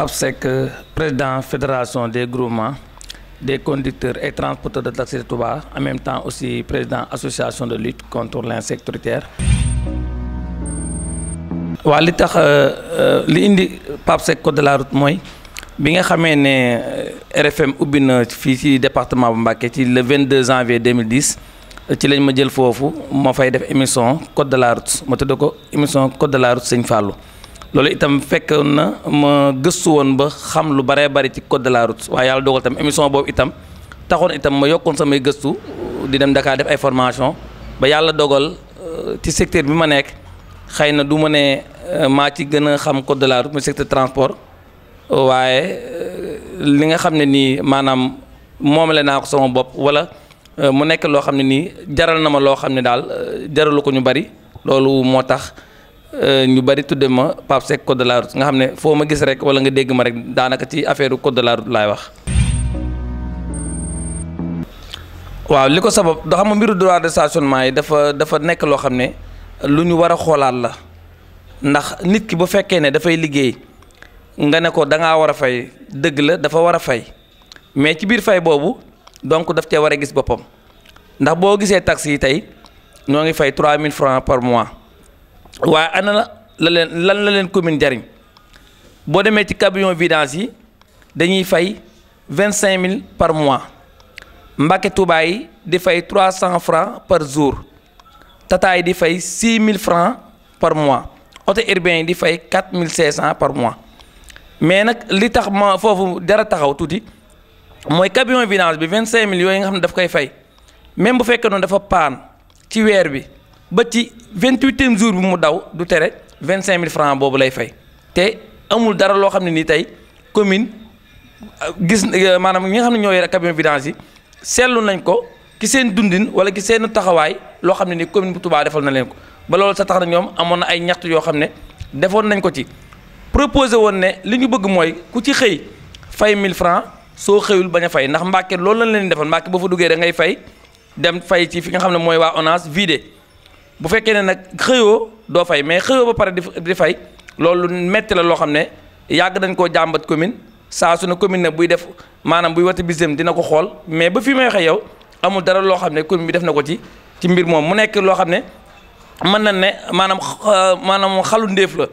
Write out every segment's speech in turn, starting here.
Pape de euh, président fédération des groupements des conducteurs et transporteurs de taxi de Touba en même temps aussi président association de lutte contre l'insécurité waa li tax euh, euh, li indi Pape de la route moy. bi nga RFM ubbi na département de Mbacké le 22 janvier 2010 ci lañ ma jël ma émission code de la route ma émission code de la route Seigne Fallou loolu itam fekk na ma gëstu woon ba xam lu bare bare ci code de la route waaye yàlla dogal itam émission boobu itam taxoon itam ma yokkoon samay gëstu di dem Dakar def ay formation ba yàlla dogal euh, ci secteur bi ma nekk xëy na ma euh, ci gën xam code de la route muy secteur transport waaye euh, li nga xam ne nii maanaam moomale naa ko sama bopp wala mu nekk lo xam ne nii jaral na ma lo xam ne jaralu ko ñu bari loolu moo Euh, ñu bari tudde ma Pape Seck code de la nga xam ne foo ma gis rek wala nga dégg ma rek daanaka ci affaire code de la route laay wax. waaw li ko sabab da xam mbiru droit de stationnement yi dafa dafa nekk loo xam ne lu ñu war a xoolaat la ndax nit ki bu fekkee ne dafay liggéey nga ne ko da ngaa war a fay dëgg la dafa war a fay mais ci biir fay boobu donc daf cee war a gis boppam ndax boo gisee tax yi tey ñoo ngi fay mille francs par mois. Wè, anan lò lèlèn koumèn djarim. Bo de mè ti kabyon vidanji, de ny fèy 25 mil par mwa. Mbake Toubaye de fèy 300 fran par zour. Tataye de fèy 6000 fran par mwa. Ote Irbèye de fèy 4600 fran par mwa. Menak litakman fòf wè, djaratakwò toudi, mweny kabyon vidanji be 25 mil, yò yon gèm dèf koumèn fèy. Men mwè fèkèdnò dèf wè pan, ti wè rwè, ba ci vingt-huitième jour bu mu daw du tere vingt cinq mille francs boobu lay fay te amul dara loo xam ne nii tey commune euh, gis euh, maanaam ñi nga xam ne ñoo yore camion vidange yi seetlu nañ ko ki seen dundin wala ki seen taxawaay loo xam ne nii commune bu Touba defal na leen ko ba loolu sa tax na ñoom amoon na ay ñaxtu yoo xam ne defoon nañ ko ci proposé woon ne li ñu bëgg mooy ku ci xëy fay 1000 francs soo xëyul bañ a fey ndax Mbàkke loolu lañ leen defal Mbàkke boo duggee da ngay fay dem fay ci fi nga xam ne mooy waa ONAS vidé bu fekkee ne nag xëyoo doo fay mais xëyoo ba pare di fay loolu metti la loo xam ne yàgg nañ koo jàmbat commune saa su ne commune ne buy def maanaam buy wati bisim dina ko xool mais ba fi ma waxee yow amul dara loo xam ne commune bi def na ko ci ci mbir moom mu nekk loo xam ne mën na ne maanaam maanaam xalu ndéef la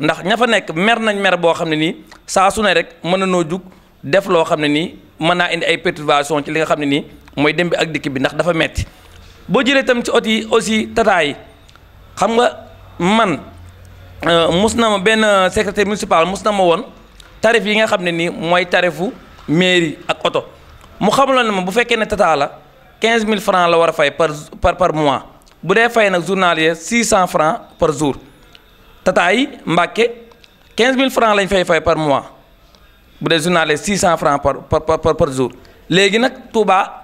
ndax ña fa nekk mer nañ mer boo xam ne nii saa su ne rek mën na noo jug def loo xam ne nii mën naa indi ay perturbation ci li nga xam ne nii mooy dem bi bi ndax dafa metti boo jëlee tam ci ot yi aussi tata xam nga man euh, mus na ma benn secrétaire municipal mus na ma woon tarif yi nga xam ne nii mooy tarifu mairie ak oto mu xamuloo ne ma bu fekkee ne tata la quinze mille francs la war a fay par par par mois bu dee fay nag journalier six cent francs par jour tata yi Mbàkke quinze mille francs lañ fay fay par mois bu dee journalier six cent francs par par par par jour léegi nag Touba.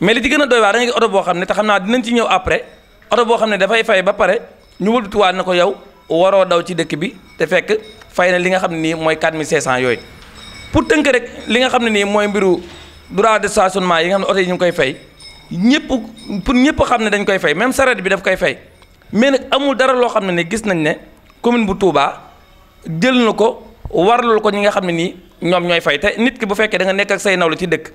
mais li ci gën a doy waar dañuy oto boo xam ne te xam naa ci ñëw après oto boo xam ne dafay fay ba pare ñu wëlbatiwaat na ko yow waroo daw ci dëkk bi te fekk fay na li nga xam ne nii mooy 4500 yooyu pour tënk rek li nga xam ne nii mooy mbiru droit de stationnement yi nga xam ne ñu ngi koy fay ñëpp pour ñëpp xam ne dañ koy fay même saret bi daf koy fay mais nag amul dara loo xam ne ne gis nañ ne commune bu tuubaa jël na ko warlul ko ñi nga xam ne nii ñoom ñooy fay te nit ki bu fekkee da nga nekk ak say nawlu ci dëkk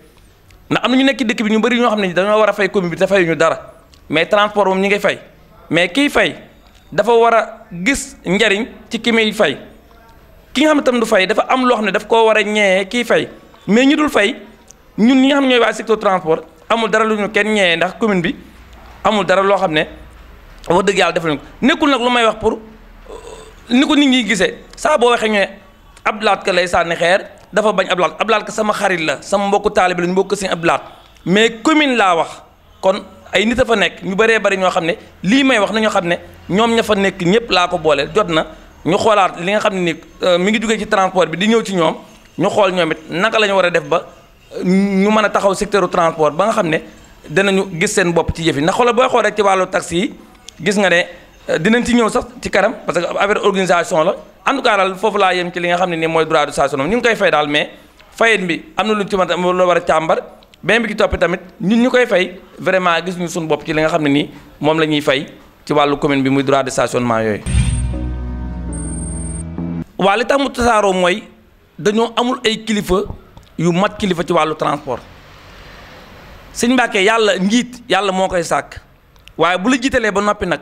ndax am na ñu nekk dëkk bi ñu bari ñoo xam ne dañoo war a fay commune bi te fayuñu dara mais transport moom ñi ngay fay mais kiy fay dafa war a gis njariñ ci ki muy fay ki nga xam ne tam du fay dafa am loo xam ne daf koo war a ñeewee kiy fay mais ñu dul fay ñun ñi nga xam ne ñooy waa secteur transport amul dara lu ñu kenn ñeewee ndax commune bi amul dara loo xam ne wax dëgg yàlla def nañ nekkul nag lu may wax pour euh, ni ko nit ñi gisee saa boo waxee ñu ne Abdou lay sànni xeer. dafa bañ Abdou Lahad Abdou Lahad sama xarit la sama mbokku taalibe la ñu bokk seen Abdou Lahad mais commune laa wax kon ay nit a fa nekk ñu bëree bëri ñoo xam ne lii may wax nañoo xam ne ñoom ña fa nekk ñëpp laa ko boole jot na ñu xoolaat li nga xam ne ni euh, mi ngi jógee ci transport bi di ñëw ci ñoom ñu xool ñoom it naka lañu war a def ba euh, ñu mën a taxaw secteur transport ba nga xam ne danañu gis seen bopp ci yëf yi ndax xoolal booy xool rek ci wàllu taxi yi gis nga ne euh, dinañ ci ñëw sax ci kanam parce que affaire organisation la. en tout cas foofu laa yem ci li nga xam ne nii mooy droit de station ñu ngi koy fay daal mais fayet bi am na lu ci mën a lu war a càmbar benn bi ci topp tamit ñun ñu koy fay vraiment gis ñu suñu bopp ci li nga xam ne nii moom la ñuy fay ci wàllu commune bi muy droit de stationnement yooyu. waa li tax mu tasaaroo mooy dañoo amul ay kilifa yu mat kilifa ci wàllu transport Sëñ Mbàkke yàlla njiit yàlla moo koy sàkk waaye bu la jiitalee ba noppi nag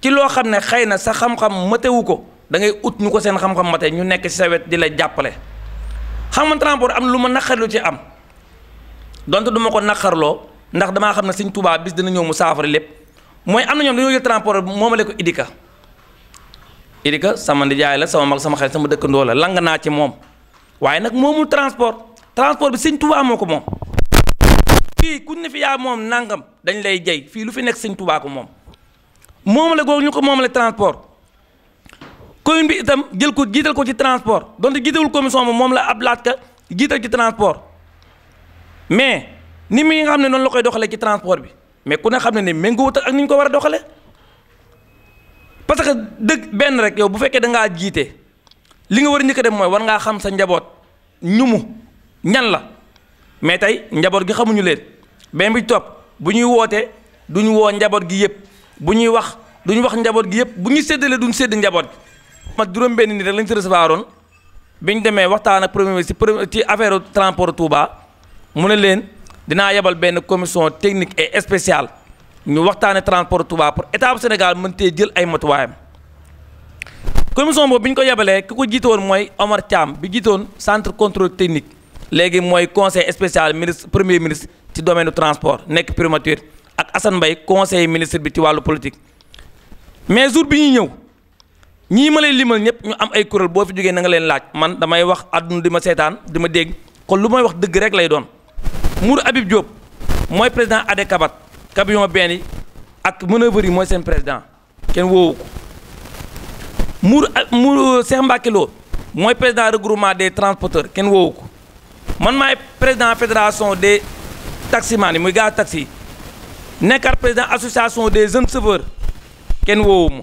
ci loo xam ne xëy na sa xam-xam ko. da ngay ut ñu ko seen xam-xam mate ñu nekk ci sa wet di la jàppale xam nga transport am lu ma naqarlu ci am donte du ma ko naqarloo ndax damaa xam ne Sëñ Tuubaa bis dina mu saafara lépp mooy am na ñoom dañoo jël transport moomale ko Idika Idika sama nijaay la sama mag sama xarit sama dëkkandoo la lang naa ci moom waaye nag moomul transport transport bi Sëñ Tuubaa moo ko moom. fii ku ne fi yaa moom nangam dañ lay jey fii lu fi nekk Sëñ Tuubaa ko moom moomale googu ñu ko moomale transport. commune bi itam jël ko jiital ko ci transport donte jiitawul commission moom moom la ab laaj ka jiital ci transport mais ni mi nga xam ne noonu la koy doxalee ci transport bi mais ku ne xam ne ne méngoowut ak ni ñu ko war a doxalee parce que dëgg benn rek yow bu fekkee da ngaa jiite li nga war a njëkk dem mooy war ngaa xam sa njaboot ñumu ñan la mais tey njaboot gi xamuñu leen benn bi topp bu ñuy wootee du ñu woo njaboot gi yëpp bu ñuy wax ñu wax njaboot gi yëpp bu ñuy séddalee duñu sédd njaboot mat juróom-benn nit rek lañ si recevoir oon bi ñu demee waxtaan ak premier ministre ci affaire transport Touba mu ne leen dinaa yebal benn commission technique et spéciale ñu waxtaane transport Touba pour état Sénégal mën tee jël ay matuwaayam commission boobu bi ñu ko yebalee ki ko jiitoon mooy Omar Thiam bi jiitoon centre contrôle technique léegi mooy conseil spécial ministre premier ministre ci domaine transport nekk primature ak Assane Mbaye conseil ministre bi ci wàllu politique mais jour bi ñëw ñii ma lay limal ñëpp ñu am ay kuréel boo fi jógee na nga leen laaj man damay wax àdduna di ma seetaan di ma dégg kon lu may wax dëgg rek lay doon Mour Habib Diop mooy président ade kabat camion benn yi ak manoeuvre yi mooy seen président kenn woowu ko Mour Mour Cheikh Mbacké Lo mooy président regroupement des transporteurs kenn woowu ko man maay président fédération des taximan yi muy gaz taxi nekkaat président association des jeunes chauffeurs kenn woowu ma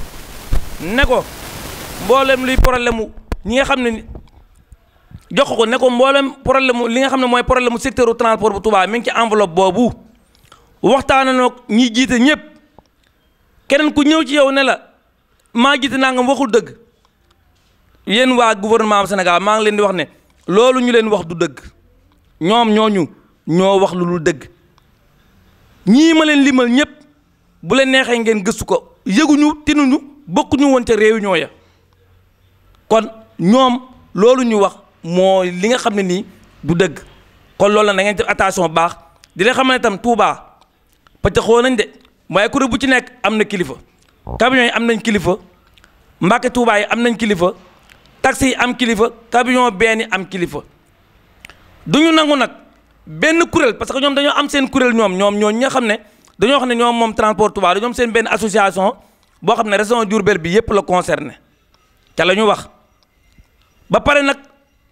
ne ko mboolem luy problème mu ñi nga xam ne jox ko ne ko mboolem problème li nga xam ne mooy problème mu secteur transport bu Touba mi ngi ci enveloppe boobu waxtaana noog ñi jiite ñëpp keneen ku ñëw ci yow ne la maa jiite nangam waxul dëgg yéen waa gouvernement am Sénégal maa ngi leen di wax ne loolu ñu leen wax du dëgg ñoom ñoo ñu ñoo wax lu lu dëgg ñii ma leen limal ñëpp bu leen neexee ngeen gëstu ko yëguñu tinuñu bokkuñu woon ca réunion ya kon ñoom loolu ñu wax moo li nga xam ne nii bu dëgg kon loolu na ngeen def attention baax dina leen xam ne tam Touba pëccëxoo nañ de waaye kuréel bu ci nekk am na kilifa camion yi am nañ kilifa Mbàkke Touba yi am kilifa taxi yi am kilifa camion benn am kilifa duñu nangu nag benn kuréel parce que ñoom dañoo am seen kuréel ñoom ñoom ñoo ñi nga ne dañoo xam ne ñoom moom transport Touba dañoo am seen benn association bo xamne raison jurbel bi yep la concerner ca lañu wax ba pare nak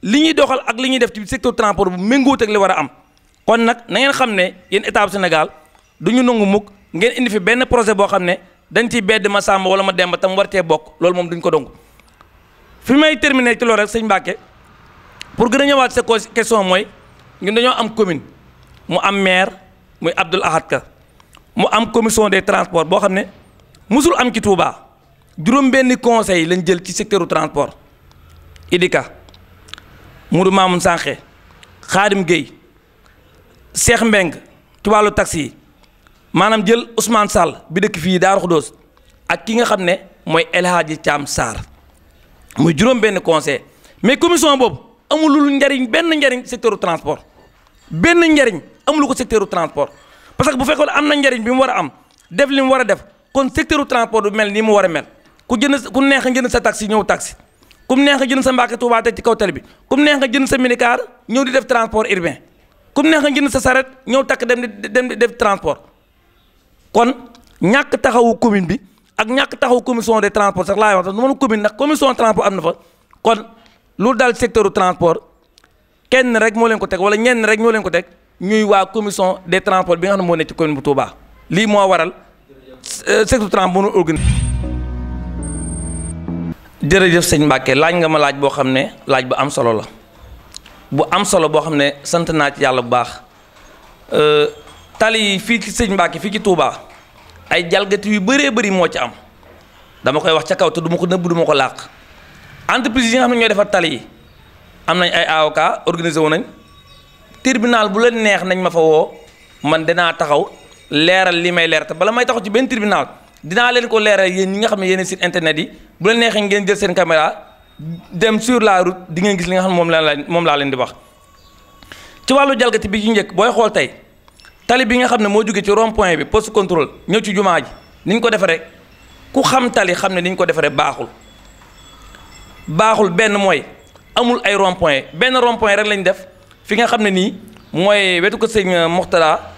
liñuy doxal ak liñuy def ci secteur transport bu mengout ak li war am kon nak na ngeen xamne ne yéen état bu Sénégal du nangu muk ngeen indi fi benn projet bo xamne ne dañ ci bedd ma sam wala ma demba tam war bok bokk mom duñ ko dong fi may terminer ci loolu rek seigne Mbacke pour gëna ñëwaat ci question moy ñun dañu am commune mu am maire muy Abdul Ahad Ka mu am commission des transports bo xamne musul am ci Touba juróom-benni conseil lañ jël ci secteur transport Idika Modou Mamoun Sankhé Khadim Gueye Cheikh Mbeng ci wàllu taxi maanaam jël Ousmane Sall bi dëkk fii Daaru Xudoos ak ki nga xam ne mooy El Hadji Thiam Sarr muy juróom-benn conseil mais commission boobu amulul njariñ benn njariñ secteur transport benn njariñ amulu ko secteur transport parce que bu fekkoon am na njariñ bi mu war a am def li mu war a def. kon secteur transport du mel nii mu war a mel ku jënd ku neex a jënd sa taxi ñëw taxi ku neex a jënd sa mbaake Tuubaa teg ci kaw tali bi ku neex nga jënd sa minicar ñëw di def transport urbain ku neex nga jënd sa saret ñëw takk dem di dem def transport kon ñàkk taxawu commune bi ak ñàkk taxawu commission des transports sax laay wax sax moom commune nag commission transport am na fa kon lu daal secteur transport kenn rek moo leen ko teg wala ñenn rek ñoo leen ko teg ñuy waa commission des transports bi nga xam ne moo nekk ci commune moo waral. Euh, sexu trans mënu organiser jërëjëf sëñ Mbacke laaj nga ma laaj boo xam ne laaj bu am solo la bu am solo boo xam ne sant naa ci yàlla bu baax euh, tali yi fii ci sëñ Mbacke fii ci tuubaa ay jalgati yu bëree bëri moo ci am dama koy wax ca kaw te du ko nëbb du ko làq entreprise yi nga xam ne ñooy defar tali yi am nañ ay avocat organisé wu nañ tribunal bu leen neex nañ ma fa woo man dinaa taxaw leeral li may leerte bala may taxaw ci benn tribunal dinaa leen ko leeral yéen ñi nga xam ne yéen site internet yi bu leen neexee ngeen jël seen caméra dem sur la route di gis li nga xam ne moom laa la moom laa leen di wax. ci wàllu jalgati bi ci njëkk booy xool tey tali bi nga xam ne moo jógee ci rond point bi poste contrôle ñëw ci jumaa ji ni ñu ko defaree ku xam tali xam ne niñ ko defaree baaxul baaxul benn mooy amul ay rond benn rond rek lañ def fi nga xam ne nii mooy wetu ko sëñ Moxtala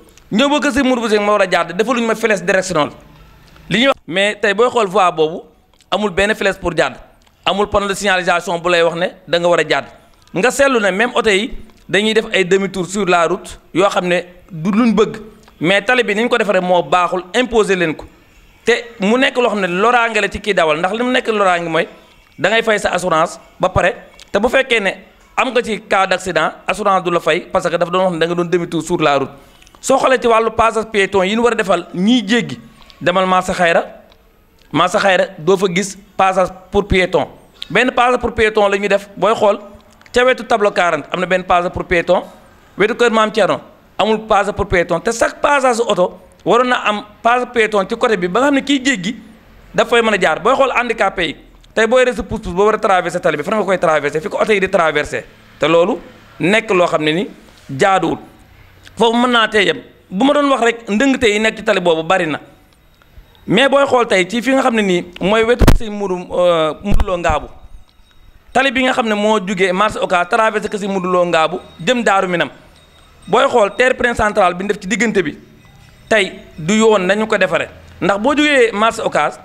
ñëw ba kër sëñ Modou Bousso ma war a jaar defaluñu ma flèche directionnelle li ñuy wax mais tey booy xool voie boobu amul benn flèche pour jàdd amul panneau de signalisation bu lay wax ne danga war a jàdd nga seetlu ne même oto yi dañuy def ay demi sur la route yoo xam ne du luñ bëgg mais tali bi ni ñu ko defaree moo baaxul imposé leen ko te mu nekk loo xam ne loraange la ci kii dawal ndax li mu nekk loraange mooy da ngay fay sa assurance ba pare te bu fekkee ne am nga ci cas d' accident assurance du la la route. soo xoolee ci wàllu passage piéton yi ñu war a defal nii jéggi demal Massa Xayra Massa Xayra doo fa gis passage pour piéton benn passage pour piéton la ñuy def booy xool ca wetu tableau 40 am na benn passage pour piéton wetu kër Maam Thierno amul passage pour piéton te chaque passage su oto waroon na am passage piéton ci côté bi ba nga xam ne kiy jéggi dafay mën a jaar booy xool handicapé yi te booy rese pousse pousse boo war a traversé tali bi fan nga koy traversé fi ko oto yi di te loolu nekk loo xam ne ni jaaduwul. foofu mën naa tee yem bu ma doon wax rek ndëngte yi nekk ci tali boobu bari na mais booy xool tey ci fi nga xam ne nii mooy wetu sëñ Mudu euh, Muduloo Ngaabu tali bi nga xam ne moo jugee marché Ocass traversé ko si Muduloo Ngaabu jëm Daaru Minam booy xool terre prince central bi ndef ci diggante bi tey du yoon nañu ko defaree ndax boo jugee marché Ocass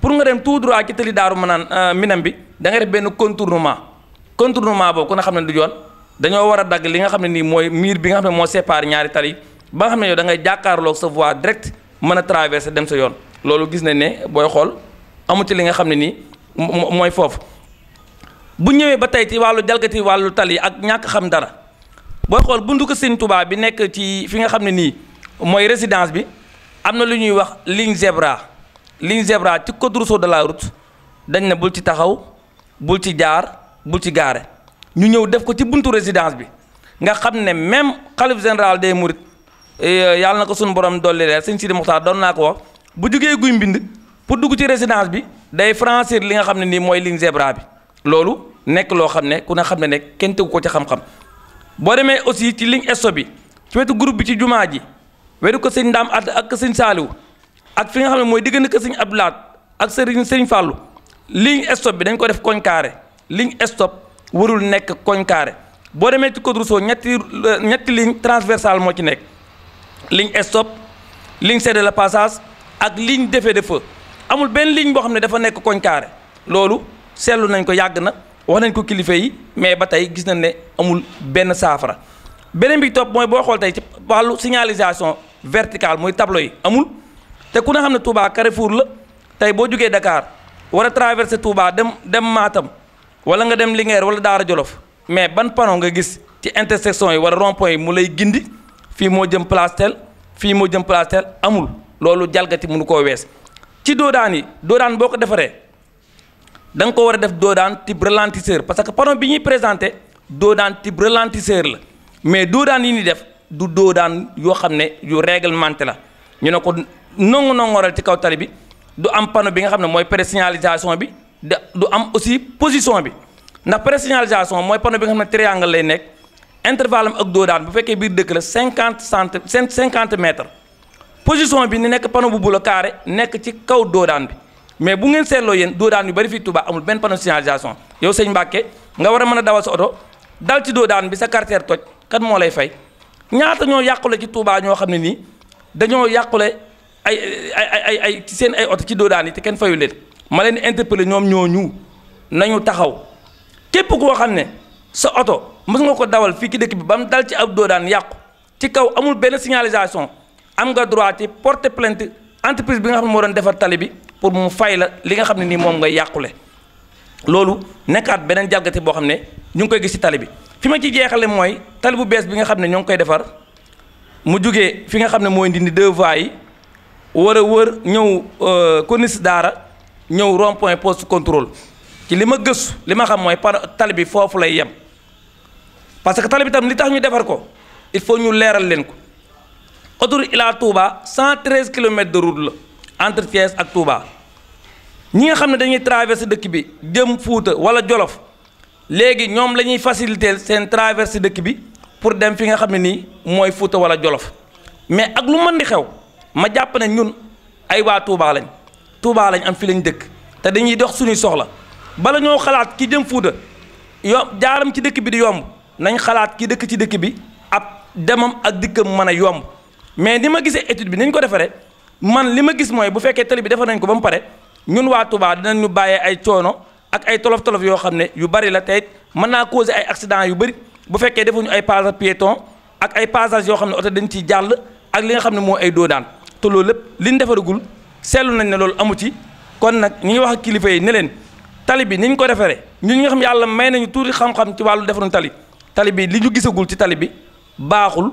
pour nga dem tout droit ci tali Daaru euh, Minam bi da nga def benn contournement contournement boobu ku na xam ne du yoon. dañoo war a dagg li nga xam ne nii mooy miir bi nga xam ne moo sépare ñaari tali ba nga xam ne yow da ngay jàkkaarloog sa voie direct mën a traversé dem sa yoon loolu gis nañ ne booy xool amu ci li nga xam ne nii mooy foofu bu ñëwee ba tey ci wàllu jalgati wàllu tali ak ñàkk xam dara booy xool buntu ko Sëñ tubaab bi nekk ci fi nga xam ne nii mooy résidence bi am na lu ñuy wax ligne zebra ligne zebra ci code routier de la route dañ ne bul ci taxaw bul ci jaar bul ci gaare ñu ñëw def ko ci buntu résidence bi nga xam ne même xalif général des Mourides eh, yàlla na ko suñu borom dolli leer sëñ Sidi Moxtaar doon naa ko wax bu jugee guy mbind pour dugg ci résidence bi day franchir li nga xam ne nii mooy ligne zebra bi loolu nekk loo xam ne ku ne xam ne nekk kenn tegu ko ci xam-xam boo demee aussi ci ligne esto bi ci wetu groupe bi ci jumaa ji wetu ko sëñ Ndaam Atta ak sëñ Saaliw ak fi nga xam ne mooy diggante ko sëñ ab Abdulaat ak sëriñ sëriñ Fàllu ligne stop bi dañ ko def koñ carré ligne stop warul nekk koñ carré boo demee ci code Rousseau ñetti euh, ñetti ligne moo ci nekk ligne stop ligne cédé la passage ak ligne d'effet de feu amul benn ligne boo xam ne dafa nekk koñ carré loolu seetlu nañ ko yàgg na wax nañ ko kilifa yi mais ba tey gis nañ ne amul benn saafara beneen bi topp mooy boo xool tey ci wàllu signalisation vertical muy tableau yi amul te ku ne xam ne Touba Carrefour la tey boo jugee dakaar war a traversé Touba dem dem maatam wala nga dem Linguère wala Daara Jolof mais ban panneau nga gis ci intersection yi wala rond point yi mu lay gindi fii moo jëm place tel fii moo jëm place tel amul loolu jalgati mu mënu ko wees ci doodaan yi doodaan boo ko defaree da nga ko war a def doodaan type ralentisseur parce que panneau bi ñuy présenté doodaan type ralentisseur la mais doodaan yi ñuy def du doodaan yoo xam ne yu réglementé la ñu ne ko nongu nongoral ci kaw tali bi du am panneau bi nga xam ne mooy présignalisation bi du am aussi position bi ndax présignalisation mooy panneau bi nga xam ne triangle lay nekk intervalle am ak doodaan bu fekkee biir dëkk la cinquante cent cinquante mètres position bi ni nekk panneau bu bula carré nekk ci kaw doodaan bi mais bu ngeen seetloo yéen doodaan yu bari fii Touba amul benn panneau signalisation yow sëñ Mbàkke nga war a mën a dawal sa oto dal ci doodaan bi sa carter toj kat moo lay fay ñaata ñoo yàqule ci Touba ñoo xam ne nii dañoo yàqule ay ay ay ay ci seen ay oto ci doodaan yi te kenn fayu leen ma leen interpellé ñoom ñooñu nañu taxaw képp koo xam ne sa oto mës nga ko dawal fii ci dëkk bi ba mu dal ci ab doodaan yàqu ci kaw amul benn signalisation am nga droit ci porter plainte entreprise bi nga xam ne moo doon defar tali bi pour mu fay la li nga xam ne nii moom nga yàqule loolu nekkaat beneen jalgati boo xam ne ñu ngi koy gis ci tali bi fi ma ci jeexale mooy tali bu bees bi nga xam ne ñoo ngi koy defar mu jugee fi nga xam ne mooy ndindi deux voies yi war a wër ñëw konis euh, daara ñëw rond point poste ci li ma gëstu li ma xam mooy par tali bi foofu lay yem parce que tali bi tam li tax ñu defar ko il faut ñu leeral leen ko autoroute Ila Touba 113 kilomètres de route la entre Thiès ak Touba ñi nga xam ne dañuy traversé dëkk bi jëm Fuuta wala Jolof léegi ñoom la ñuy faciliter seen traversé dëkk bi pour dem fi nga xam ne nii mooy Fuuta wala Jolof mais ak lu man di xew ma jàpp ne ñun ay waa Touba lañ Touba lañ am fi lañ dëkk te dañuy dox suñu soxla bala ñoo xalaat ki jëm Fuuta yom jaaram ci dëkk bi di yomb nañ xalaat ki dëkk ci dëkk bi ab demam ak dikkam mëna yomb mais nima gisé étude bi niñ ko défaré man lima gis moy bu féké tali bi défa nañ ko bam pare ñun waa Touba ñu bayé ay coono ak ay tolof tolof yo xamné yu bari la tey mën naa causer ay accident yu bari bu féké defu ñu ay passage piéton ak ay passage yo xamné auto dañ ci jàll ak li nga xamné mo ay doo daan te lool lépp liñ défa rugul sélu nañ ne lool amu ci. kon nak ñi wax ak kilifa yi ne len tali bi niñ ko defere ñi nga xam yàlla may nañu tuuti xam-xam ci walu defarum talib tali bi li ñu gisagul ci tali bi baaxul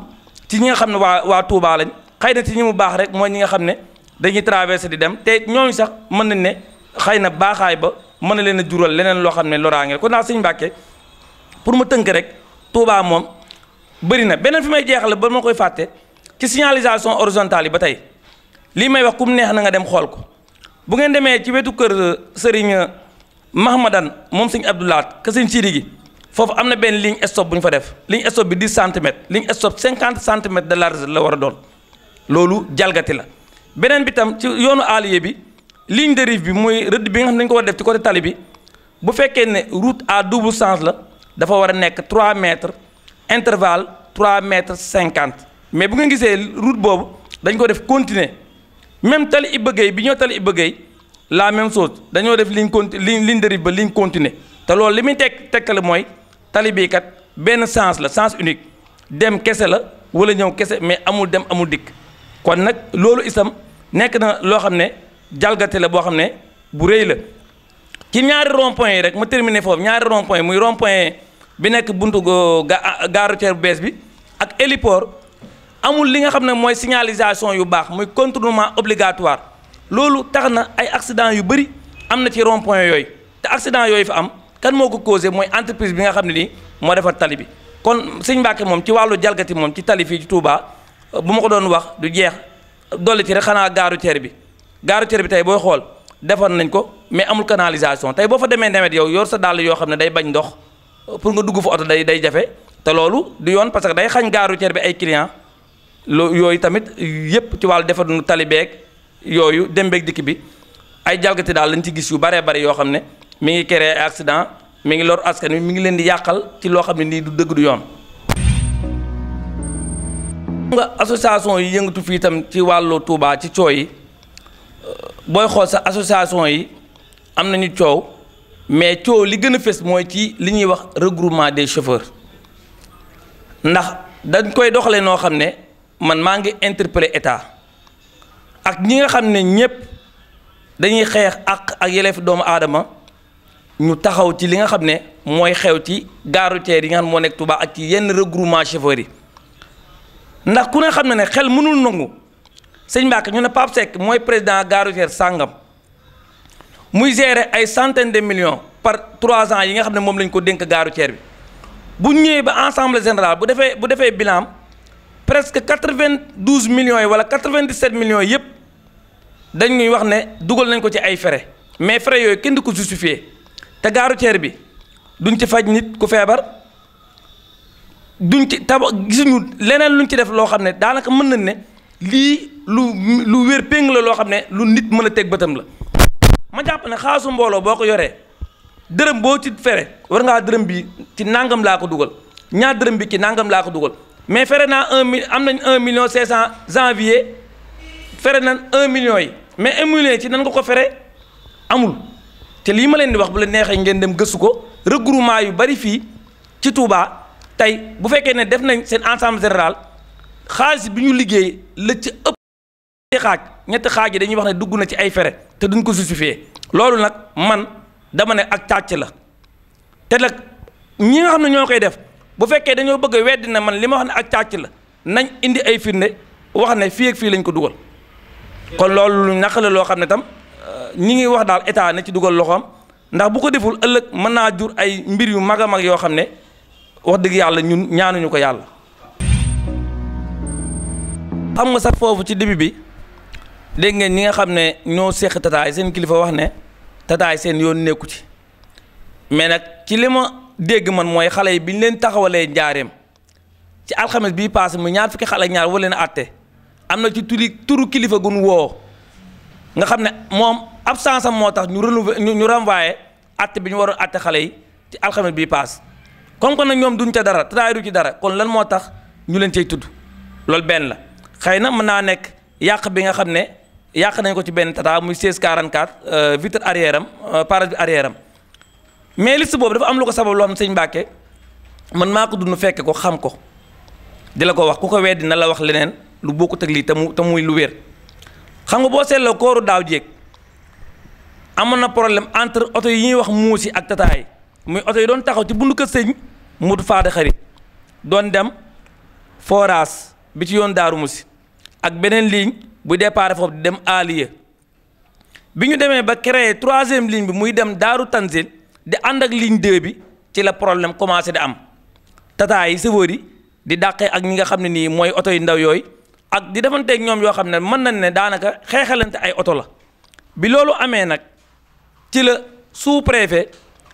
ci ñi nga xam wa wa Touba lañ xëy ci ñi mu baax rek moy ñi nga xam ne dañuy traverser di dem te ñoñu sax mën nañ ne xëy na ba mën leena jural leneen lo xam ne loraange kon na sëñ Mbàkke pour ma teunk rek Touba mom bari na benen fi may jeexale ba ma koy fàtte ci signalisation horizontale yi ba tey lii may wax kum neex na nga dem xol ko bu ngeen demee ci wetu kër euh, sëriñ euh, Mahmadan moom sëñ Abdoulaat ke sëñ Sidi gi foofu am na benn ligne stop bu ñu fa def ligne stop bi 10 centimètres ligne stop 50 centimètres de large la war a doon loolu jalgati la beneen bi tam ci yoonu allié bi ligne de rive bi mooy rëdd bi nga xam ne ko war def ci côté tali bi bu fekkee ne route à double sens la dafa war a nekk 3 mètres intervalle 3 mètres 50 mais bu nga gisee route boobu dañ ko def continuer même tali Iba Gueye bi ñoo tali Iba Gueye la même chose dañoo def ligne conti ligne de ba ligne continue te loolu li muy teg tekkale mooy tali bii kat benn sens la sens unique dem kese la wala ñëw kese mais amul dem amul dikk kon nag loolu itam nekk na loo xam ne jalgate la boo xam ne bu rëy la ci ñaari rond yi rek ma terminer foofu ñaari rond point muy rond point bi nekk buntu ga gare routière bu bees bi ak héliport amul li nga xamne moy signalisation yu bax moy contournement obligatoire loolu taxna ay accident yu bari amna ci rond point yoy te accident yoy fa am kan moko causer moy entreprise bi nga xamne ne mo defal defar tali bi kon seigne mbake mom ci walu jalgati mom ci tali fii ci Touba bu ma ko doon wax du jeex dolli ci rek xana garu teer bi garu teer bi tay boy xol defal nañ ko mais amul canalisation tay bo fa demé demet yow yor sa dal yo xamne day bañ ndox pour nga dugg fu auto day day jafe te loolu du yone parce que day xagn garu teer bi ay client loo yooyu tamit yépp ci wàllu defarnu talibeeg yooyu dem beeg dikk bi ay jalgati daal lañ ci gis yu baree bari yoo xam ne mi ngi créé accident mi ngi lor askan wi mi ngi leen di yàqal ci loo xam ne nii du dëgg du yoon. nga association yi yëngatu fii tam ci wàllu Touba ci coow yi euh, booy xool sa association yi am nañu coow mais coow li gën a fës mooy ci li ñuy wax regroupement des chauffeurs ndax dañ koy doxalee noo xam ne. man maa ngi interpellé état ak ñi nga xam ne ñëpp dañuy xeex ak ak yelleef doomu aadama ñu taxaw ci li nga xam ne mooy xew ci gare routière yi nga xam moo nekk Touba ak ci yenn regroupement chauffeur yi ndax ku ne xam ne ne xel mënul nangu sëñ Mbacke ñu ne Pape Seck mooy président gare sàngam muy gérer ay centaine de millions par trois ans yi nga xam ne moom lañ ko dénk gare routière bi bu ñëwee ba assemblée général bu defee bu defee bilam presque quatre-vingt-douze millions yi wala quatre-vingt-dix-sept millions yëpp dañ ñuy wax ne dugal nañ ko ci ay frais mais frais yooyu kenn du ko justifié te gaaru ceer bi duñ ci faj nit ku feebar duñ ci taba gisuñu leneen luñ ci def loo xam ne daanaka mën nañ ne lii lu lu wér peng la loo xam ne lu nit mën a teg bëtam la ma jàpp ne xaasu mbooloo boo ko yoree dërëm boo ci fere war ngaa dërëm bi ci nangam laa ko dugal ñaar dërëm bi ci nangam laa ko dugal mais fere naa un am nañ un million cinq cent janvier fere nañ un million yi mais un million ci nan nga ko fere amul te lii ma leen di wax bu la neexee ngeen dem gëstu ko regroupement yu bari fii ci Touba tey bu fekkee ne def nañ seen ensemble général xaalis bi ñu liggéey la ci ëpp ñetti xaaj ñetti xaaj yi dañuy wax ne dugg na ci ay fere te duñ ko justifié loolu nag man dama ne ak càcc la te nag ñi nga xam ne ñoo koy def bu fekkee dañoo bëgg a weddi man li ma wax ne ak càcc la nañ indi ay firnde wax ne fii ak fii lañ ko dugal kon loolu lu la loo xam ne tam euh, ñi ngi wax daal état na ci dugal loxoom ndax bu ko deful ëllëg mën naa jur ay mbir yu mag a mag yoo xam ne wax dëgg yàlla ñun ñaanuñu ko yàlla. pam nga sax foofu ci début bi dégg ngeen ñi nga xam ne ñoo seq tataay seen kilifa wax ne tataay seen yoon nekku ci mais nag ci li dégg man mooy xale yi bi ñu leen taxawalee njaareem ci alxames bii paase mu ñaar fukki xale ñaar wala leen àtte am na ci turi turu kilifa gun woo nga xam ne moom absence am moo tax ñu renouveler ñu renvoyé àtte bi ñu waroon àtte xale yi ci alxames bii paase. comme que nag ñoom duñ ca dara traay du ci dara kon lan moo tax ñu leen cay tudd loolu benn la xëy na mën naa nekk yàq bi nga xam ne yàq nañ ko ci benn tata muy 16 44 vitre arrière am euh, pare bi am. mais liste boobu dafa am lu ko sabab loo xam sëñ Mbàkke man maa ko dund fekk ko xam ko di la ko wax ku ko weddi na la wax leneen lu bokkut ak lii te mu te muy lu wér xam nga boo seetloo kooru daaw jéeg amoon na problème entre oto yi ñuy wax muusi ak tataay muy oto yi doon taxaw ci bundu kër sëñ Modou Fada xarit doon dem forage bi ci yoon Daaru Musi ak beneen ligne bu départ foofu di dem Aliya bi ñu demee ba créé troisième ligne bi muy dem Daaru Tanzil di ànd ak ligne 2 bi ci la problème commencé di am tata yi sëfóor yi di dàqee ak ñi nga xam ne nii mooy oto yu ndaw yooyu ak di defanteeg ñoom yoo xam ne mën nañ ne daanaka xeexalante ay oto la bi loolu amee nag ci la sous-préfet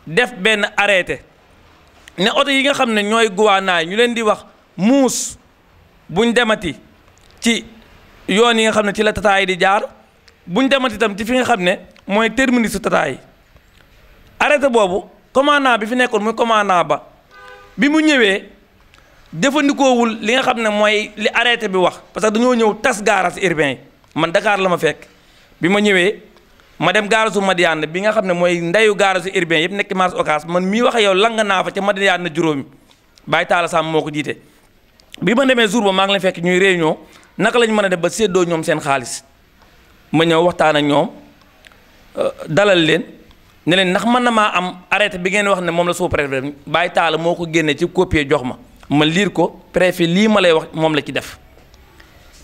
def benn arrêté ne oto yi nga xam ne ñooy guwaanaay ñu leen di wax muus buñ demati ci yoon yi nga xam ne ci la tata yi di jaar buñ demati itam ci fi nga xam ne mooy terminus su tata yi arrêté boobu commandant bi fi nekkoon muy commandant ba bi mu ñëwee jëfandikoowul li nga xam ne mooy li arrêté bi wax parce que dañoo ñëw tas garage urbain yi man Dakar la ma fekk bi ma ñëwee ma dem garage su Madiane bi nga xam ne mooy ndeyu garage urbain yëpp nekk marché Ocass man mii wax yow lang naa fa ca Madiane juróomi Baye Talla Samb moo ko jiite. bi ma demee jour ba maa ngi leen fekk ñuy réunion naka lañ mën a def ba séddoo ñoom seen xaalis ma ñëw waxtaan ak ñoom euh, dalal leen. ne leen ndax mën na maa am arrêté bi ngeen wax ne moom la sous préfet bàyyi taal moo ko génne ci copier jox ma ma liir ko préfet lii ma lay wax moom la ci def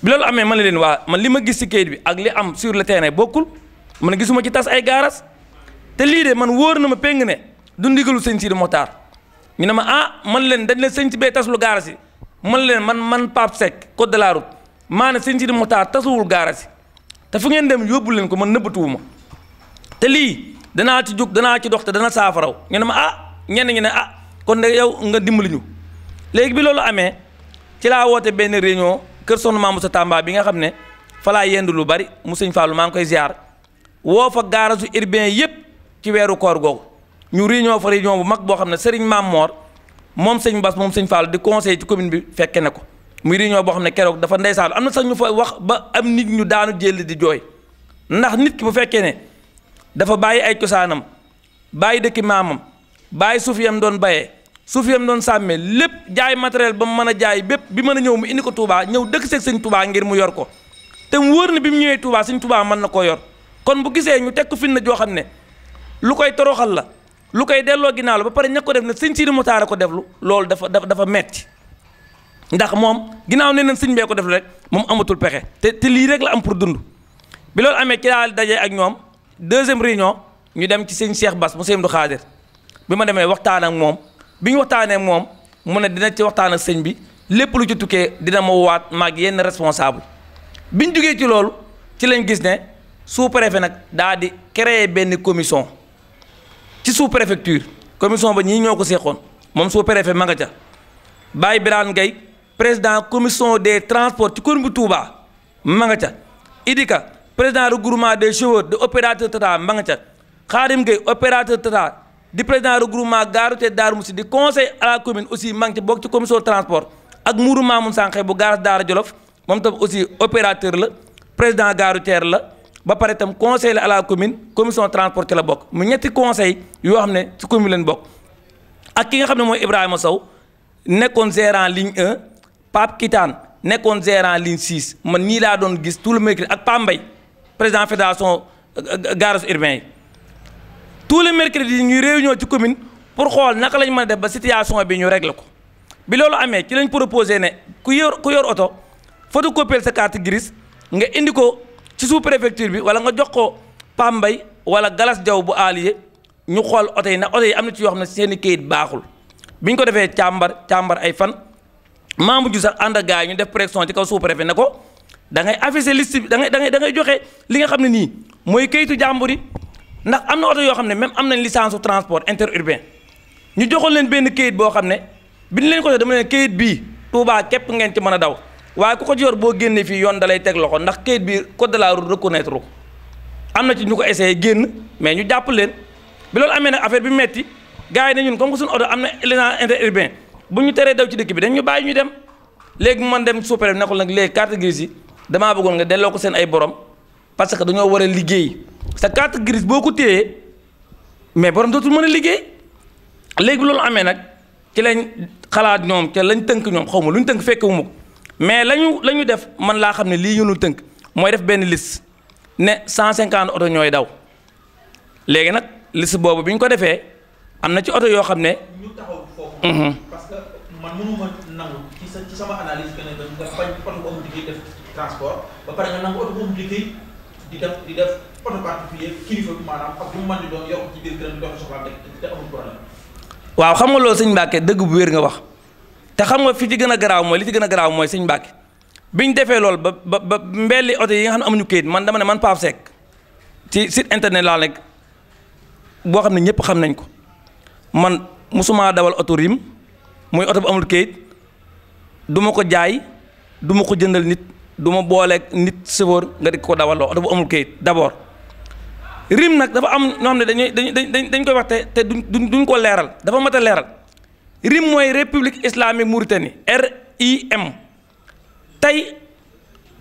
bi loolu amee man la leen waa man li ma gis ci kayit bi ak li am sur le terrain bokkul man gisuma ci tas ay gaaras te lii de man wóor na ma péng ne du ndigalu sëñ Sidi Moxtaar ñu ne ma ah man leen dañ leen sëñ si bee tas lu gaaras yi man leen man man Pape Seck code de la route maa ne sëñ Sidi Moxtaar tasuwul yi te fu ngeen dem yóbbu leen ko man nëbbatuwuma te lii danaa ci jug danaa ci dox te dana saafaraw ñu ne ma ah ñenn ñi ne ah kon de yow nga dimbali ñu léegi bi loolu amee ci laa woote benn réunion kër sonn maamu sa Tamba bi nga xam ne falaa yendu lu bari mu sëñ Fallou maa ngi koy ziar woo fa garage urbain yëpp ci weeru koor googu ñu réunion fa réunion bu mag boo xam ne seriñ Maam Moor moom sëñ Bass moom sëñ Fallou di conseil ci commune bi fekke ne ko muy réunion boo xam ne keroog dafa ndeysaan am na sax fa wax ba am nit ñu daanu jël di jooy ndax nit ki bu fekkee ne. dafa bàyyi ay cosaanam bàyyi dëkki maamam bàyyi suuf yam doon baye suuf yam doon sàmmee lépp jaay materiel ba mu mën a jaay bépp bi mën a ñëw mu indi ko Touba ñëw dëkk seeg sëñ Touba ngir mu yor ko te mu wóor ne bi mu ñëwee Touba sëñ Touba mën na koo yor kon bu gisee ñu teg ko na joo xam ne lu koy toroxal la lu koy delloo ginnaaw la ba pare ña ko def ne sëñ Sidi Moutaara ko deflu loolu dafa dafa metti ndax moom ginnaaw nee nañ sëñ bee ko def rek moom amatul pexe te lii rek la am pour dund bi loolu amee ci daal ak ñoom. deuxième réunion ñu dem ci suis Cheikh Bass mu Khadir. Bima bi waxtaan ak mom, biñ ñu ak de dina ci waxtaan ak bi lépp lu ci tuké dina ma waat yenn responsable ci ci gis sous-préfet nak da di créer commission ci sous-préfecture commission ba ñi ñoko sous-préfet ma nga ca président commission des transports ci commune Touba ma nga président regroupement des chauffeurs de opérateur Tata ma nga ca Xaarim Gueye opérateur Tata di président regroupement gaarute Daaru Musi di conseil à commune aussi ma nga ca bokk ci commission transport ak Mourou Mamoun Sankhé bu gaar daar Jolof moom tam aussi opérateur la président gaaru teer la ba pare tam conseil la à commune commission transport ci la bokk mu ñetti conseil yoo xam ne ci commune leen bokk ak ki nga xam ne mooy Ibrahima saw nekkoon gérant ligne 1 Pape Kitane nekkoon gérant ligne 6 man nii laa doon gis tout le mercredi ak Pambay président fédération euh, euh, euh, garage urbain yi tous les mercredis ñuy réunion ci commune pour xool naka lañu mën a def ba situation bi ñu régler ko bi loolu amee ci lañ proposé ne ku yor ku yor oto photocopier sa carte grise nga indi ko ci sous préfecture bi wala nga jox ko Pambay wala Galas Jaw bu allié ñu xool oto yi nag oto yi am na ci yoo xam ne seen i kayit baaxul bi ñu ko defee càmbar càmbar ay fan maamu ju sax ànd ak gars yi ñu def pression ci kaw sous préfet ko. da ngay afficher liste bi da da ngay da ngay joxe li nga xam ne nii mooy kayitu jàmbur yi ndax am na oto yoo xam ne même am nañ licence su transport interurbain ñu joxoon leen benn kayit boo xam ne bi ñu leen ko jox dama leen kayit bi Touba képp ngeen ci mën a daw waaye ku ko ci yor boo génnee fii yoon dalay teg ndax kayit bii code de la route reconnaître ko am na ci ñu ko essayé génn mais ñu jàpp leen bi loolu amee nag affaire bi metti gars yi ne ñun comme que suñu oto am na licence interurbain bu ñu teree daw ci dëkk bi dañu bàyyi ñu dem léegi man dem sous-préfet nekkul nag léegi carte grise yi damaa bëggoon nga delloo ko seen ay borom parce que dañoo war a liggéey sa carte grise boo ko téyee mais borom dootul mën a liggéey léegi loolu amee nag ci lañ xalaat ñoom ca lañ tënk ñoom xaw ma lu ñu tënk fekk wu ma ko mais lañu la ñu def man laa xam ne lii ñu tënk mooy def benn lis ne 150 oto ñooy daw léegi nag liste boobu bi ñu ko defee am na ci oto yoo xam ne. transport waaw xam nga lool sëñ Mbacke dëgg bu wér nga wax te xam nga fi ci gën a garaaw mooy li ci gën a garaaw mooy sëñ bi ñu defee lool ba ba ba mbelli oto yi nga xam ne amuñu kayit man dama ne man Pape Seck ci site internet laa nekk boo xam ne ñëpp xam nañ ko man musuma dawal oto rim muy oto bu amul kayit duma ko jaay duma ko jëndal nit. du ma booleeg nit sëfoor nga di ko dawaloo oto bu amul kayit d'abord rim nag dafa am ñoo xam ne dañuy dañ dañ koy wax te te duñ duñ ko leeral dafa mat a leeral rim mooy république islamique Mauritanie RIM tey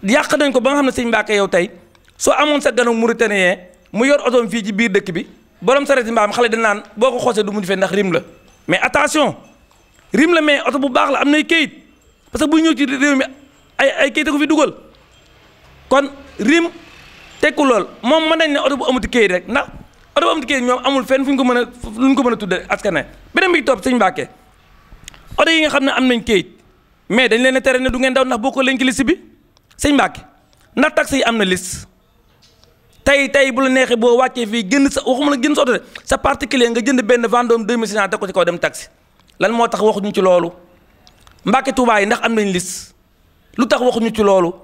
yàq nañ ko ba nga xam ne sëñ Mbàkke yow tey soo amoon sa ganu mauritanien mu yor otoom fii ci biir dëkk bi borom sareeti mbaam xale da naan boo ko xoosee du mujj fee ndax rim la mais attention rim la mais oto bu baax la am nay kayit parce que bu ñëw réew mi ay ay kayit ko fi dugal kon rim tekku lool moom mën nañ ne oto bu amuti kayit rek ndax oto bu amuti kayit ñoom amul fenn fu ñu ko mën a lu ñu ko mën a tudde askane beneen bi topp sëñ Mbàkke oto yi nga xam ne am nañ kayit mais dañ leen a tere ne du ngeen daw ndax bokkoo leen ci liste bi sëñ Mbàkke ndax taxi yi am na liss tey tey bu la neexee boo wàccee fii gënd sa waxuma la gën sa oto sa particulier nga jënd benn Vendôme 2000 teg ko ci kaw dem taxi lan moo tax waxuñu ci loolu Mbàkke yi ndax am nañ liste lu tax waxuñu ci loolu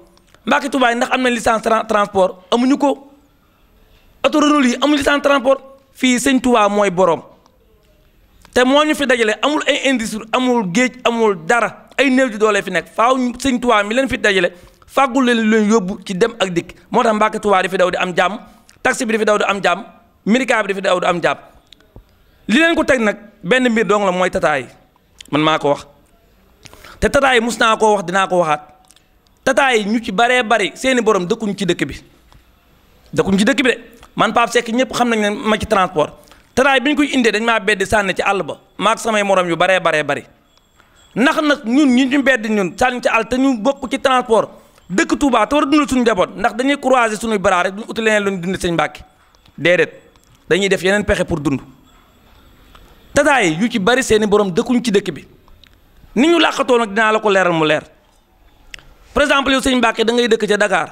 Mbàkke Tuubaa yi ndax am na licence transport amuñu ko oto Renault yi amuñu licence transport fii sëñ Tuubaa mooy borom te moo ñu fi dajale amul ay industrie amul géej amul dara ay néew ji doole fi nekk faaw sëñ Tuubaa mi leen fi dajale fàggul leen leen yóbbu ci dem ak dikk moo tax Mbàkke Tuubaa di fi daw di am jàmm taxi bi di fi daw di am jàmm Mérica bi di fi daw di am jàmm li leen ko teg nag benn mbir dong mooy tataay man maa ko wax te tataay mus naa koo wax dinaa ko waxaat. tata yi ñu ci baree bari seeni boroom dëkkuñu ci dëkk bi dëkkuñu ci dëkk bi de man Pape sekk ñëpp xam nañ ne ma ci transport tataay bi ñu koy indee dañ maa beddi sànni ci àll ba maak samay moroom yu baree bare bari ndax nag ñun ñu ñu bedd ñun sànni ci àll te ñu bokk ci transport dëkk Touba te war a dundal suñu njaboot ndax dañuy croiser suñuy bras rek duñ uti leneen lu ñu dund sëñ Mbàkke déedéet dañuy def yeneen pexe pour dund tataay yu ci bari seeni borom dëkkuñu ci dëkk bi ni ñu làqatoo nag dinaa ko leeral mu leer par exemple yow sëñ Mbacke da ngay dëkk ca dakaar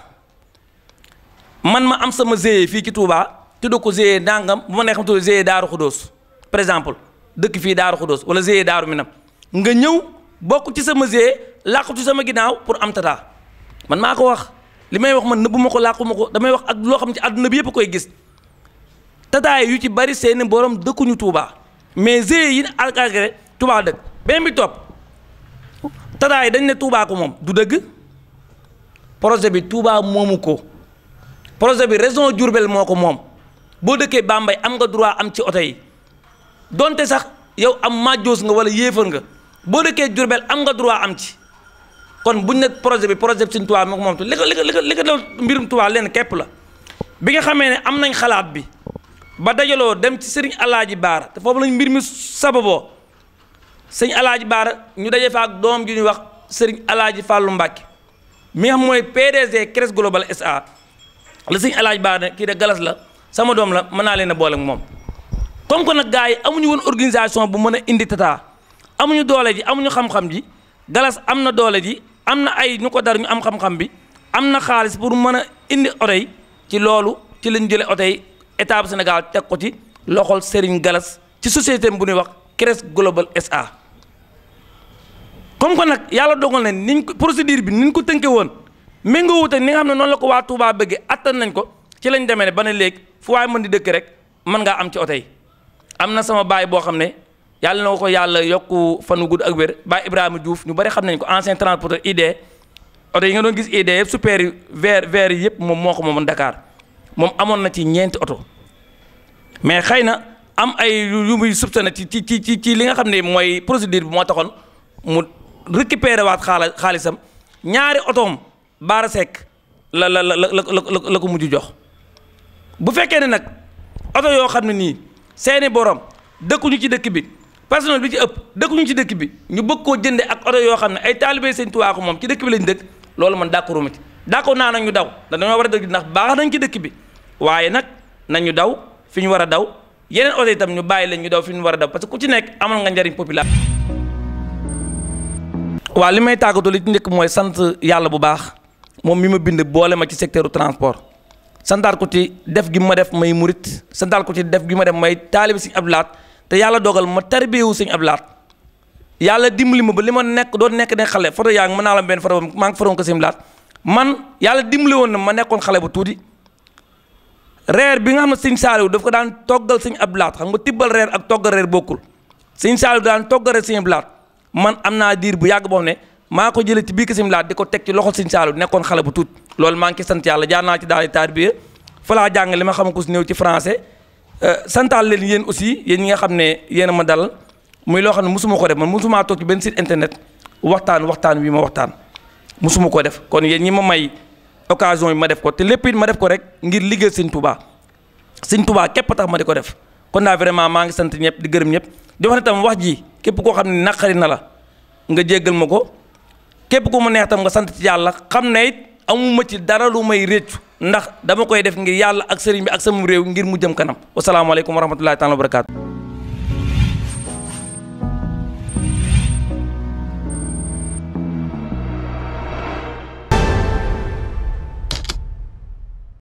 man ma am sama GIE fii ci tuubaa te doo ko GIE Ndangam bu ma neex ma tudd GIE Daaru Xudóos par exemple dëkk fii Daaru Xudóos wala GIE Daaru Minam nga ñëw bokk ci sama GIE làqu ci sama ginnaaw pour am tata man maa ko wax li may wax man nëbbu ma ko làqu ma ko damay wax ak loo xam ci àdduna bi yëpp koy gis tataay yu ci bari seeni borom dëkkuñu tuubaa mais GIE yi alkagre Touba dëkk beneen bi topp tataay dañ ne Touba ko moom du dëgg. projet bi Touba moomu ko projet bi région Diourbel moo ko moom boo dëkkee Bambey am nga droit am ci oto yi donte sax yow am majjoos nga wala yéefar nga boo dëkkee Diourbel am nga droit am ci kon buñ ne projet bi projet bi suñ Touba moo ko moom li ko li ko li ko doon mbirum leen képp la bi nga xamee ne am nañ xalaat bi ba dajaloo dem ci sëriñ Alaaji baar te foofu lañ mbir mi sababoo sëñ Alaaji baar ñu daje fa ak doom ju ñuy wax sëriñ Alaaji Fàllu Mbàkke mi nga xam mooy PDG Crest Global SA la sëñ alaaj baa ne kii de galas la sama doom la mën naa leen a moom comme que nag gars yi amuñu woon organisation bu mën a indi Tata amuñu doole ji amuñu xam-xam ji galas am na doole ji am na ay ñu ko dar ñu am xam-xam bi am na xaalis pour mën a indi oto yi ci loolu ci lañ jëlee oto yi état bu Sénégal teg ko ci loxol Serigne Galas ci société bu ñuy wax Crest Global SA comme que nag yàlla dogal na niñ ko procédure bi niñ ko tënkee woon méngoo wuute ni nga xam ne noonu la ko waa Touba bëggee attan nañ ko ci lañ demee ne ba ne léegi fu waay mën di dëkk rek mën ngaa am ci oto am na sama baay boo xam ne yàlla na ko yàlla yokku fanu gudd ak wér baay Ibrahima Diouf ñu bari xam nañ ko ancien transporteur de oto yi nga doon gis idée yëpp super yi vert vert yi yëpp moom moo ko moomoon Dakar moom amoon na ci ñeenti oto mais xëy na am ay yu muy subtana ci ci ci ci li nga xam ne mooy procédure bi moo taxoon récupéré waat xaala xaalisam ñaari otoom baara sekk la la la la la ko mujj jox bu fekkee ne nag oto yoo xam ne nii seeni borom dëkkuñu ci dëkk bi personnel bi ci ëpp dëkkuñu ci dëkk bi ñu bëgg koo jënde ak oto yoo xam ne ay taalibe seen tuwaaku moom ci dëkk bi lañ dëkk loolu man d'accorduma ci d'accord naa na nañu daw ndax dañoo war a dëkk ndax baax nañ ci dëkk bi waaye nag nañu daw fi ñu war a daw yeneen oto itam ñu bàyyi leen ñu daw fi ñu war a daw parce nekk amal nga njariñ population waaw li may tàggatoo li ci njëkk mooy sant yàlla bu baax moom mi ma bind boole ma ci secteur transport santaat ko ci def gi ma def may murit santaat ko ci def gi ma def may taalibi sëñ ab laat te yàlla dogal ma tarbiyewu sëñ Abdou Lahat yàlla dimbali ma ba li ma nekk doon nekk ne xale foto yaa ngi mën naa benn foto maa ngi foroon ko sëñ man yàlla dimbali woon na ma nekkoon xale bu tuuti reer bi nga xam ne sëñ Saaliw daf ko daan toggal sëñ ab Lahat xam nga tibbal reer ak toggal reer bokkul sëñ Saaliw daan toggal reer sëñ Abdou man am naa diir bu yàgg boo ne maa ko jëlee ci biir laa di ko teg ci loxo Sëñ Saalu nekkoon xale bu tuut loolu maa ngi ciy sant yàlla jaar naa ci daal di tarbiya fa laa jàng li ma xam ko si néew ci français euh, santaal leen yéen aussi yéen ñi nga xam ne yéen a ma dalal muy loo xam ne mosuma ko def man mosuma toog ci benn site internet waxtaan waxtaan wi ma waxtaan mosuma ko def kon yéen ñi ma may occasion yi ma def ko te lépp it ma def ko rek ngir liggéey Sëñ Tuubaa Sëñ Tuubaa képp tax ma di ko def kon daa vraiment maa ngi sant ñëpp di gërëm ñëpp di wax tam wax ji képp koo xam ne naqari na la nga jéggal ma ko képp ku mu neex tam nga sant ci yàlla xam ne it amuma ci dara lu may réccu ndax dama koy def ngir yàlla ak sëriñ bi ak sama réew ngir mu jëm kanam wasalaamaaleykum wa rahmatullahi taala wa barakaatu